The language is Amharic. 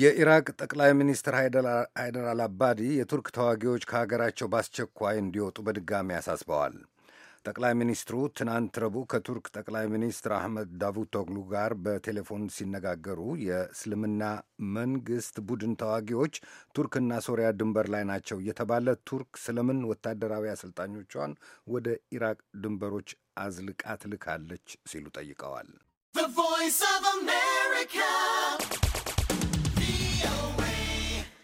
የኢራቅ ጠቅላይ ሚኒስትር ሃይደር አልአባዲ የቱርክ ተዋጊዎች ከሀገራቸው በአስቸኳይ እንዲወጡ በድጋሚ አሳስበዋል። ጠቅላይ ሚኒስትሩ ትናንት ረቡዕ ከቱርክ ጠቅላይ ሚኒስትር አህመድ ዳቡቶግሉ ጋር በቴሌፎን ሲነጋገሩ የእስልምና መንግስት ቡድን ተዋጊዎች ቱርክና ሶሪያ ድንበር ላይ ናቸው የተባለ ቱርክ ስለምን ወታደራዊ አሰልጣኞቿን ወደ ኢራቅ ድንበሮች አዝልቃ ትልካለች ሲሉ ጠይቀዋል።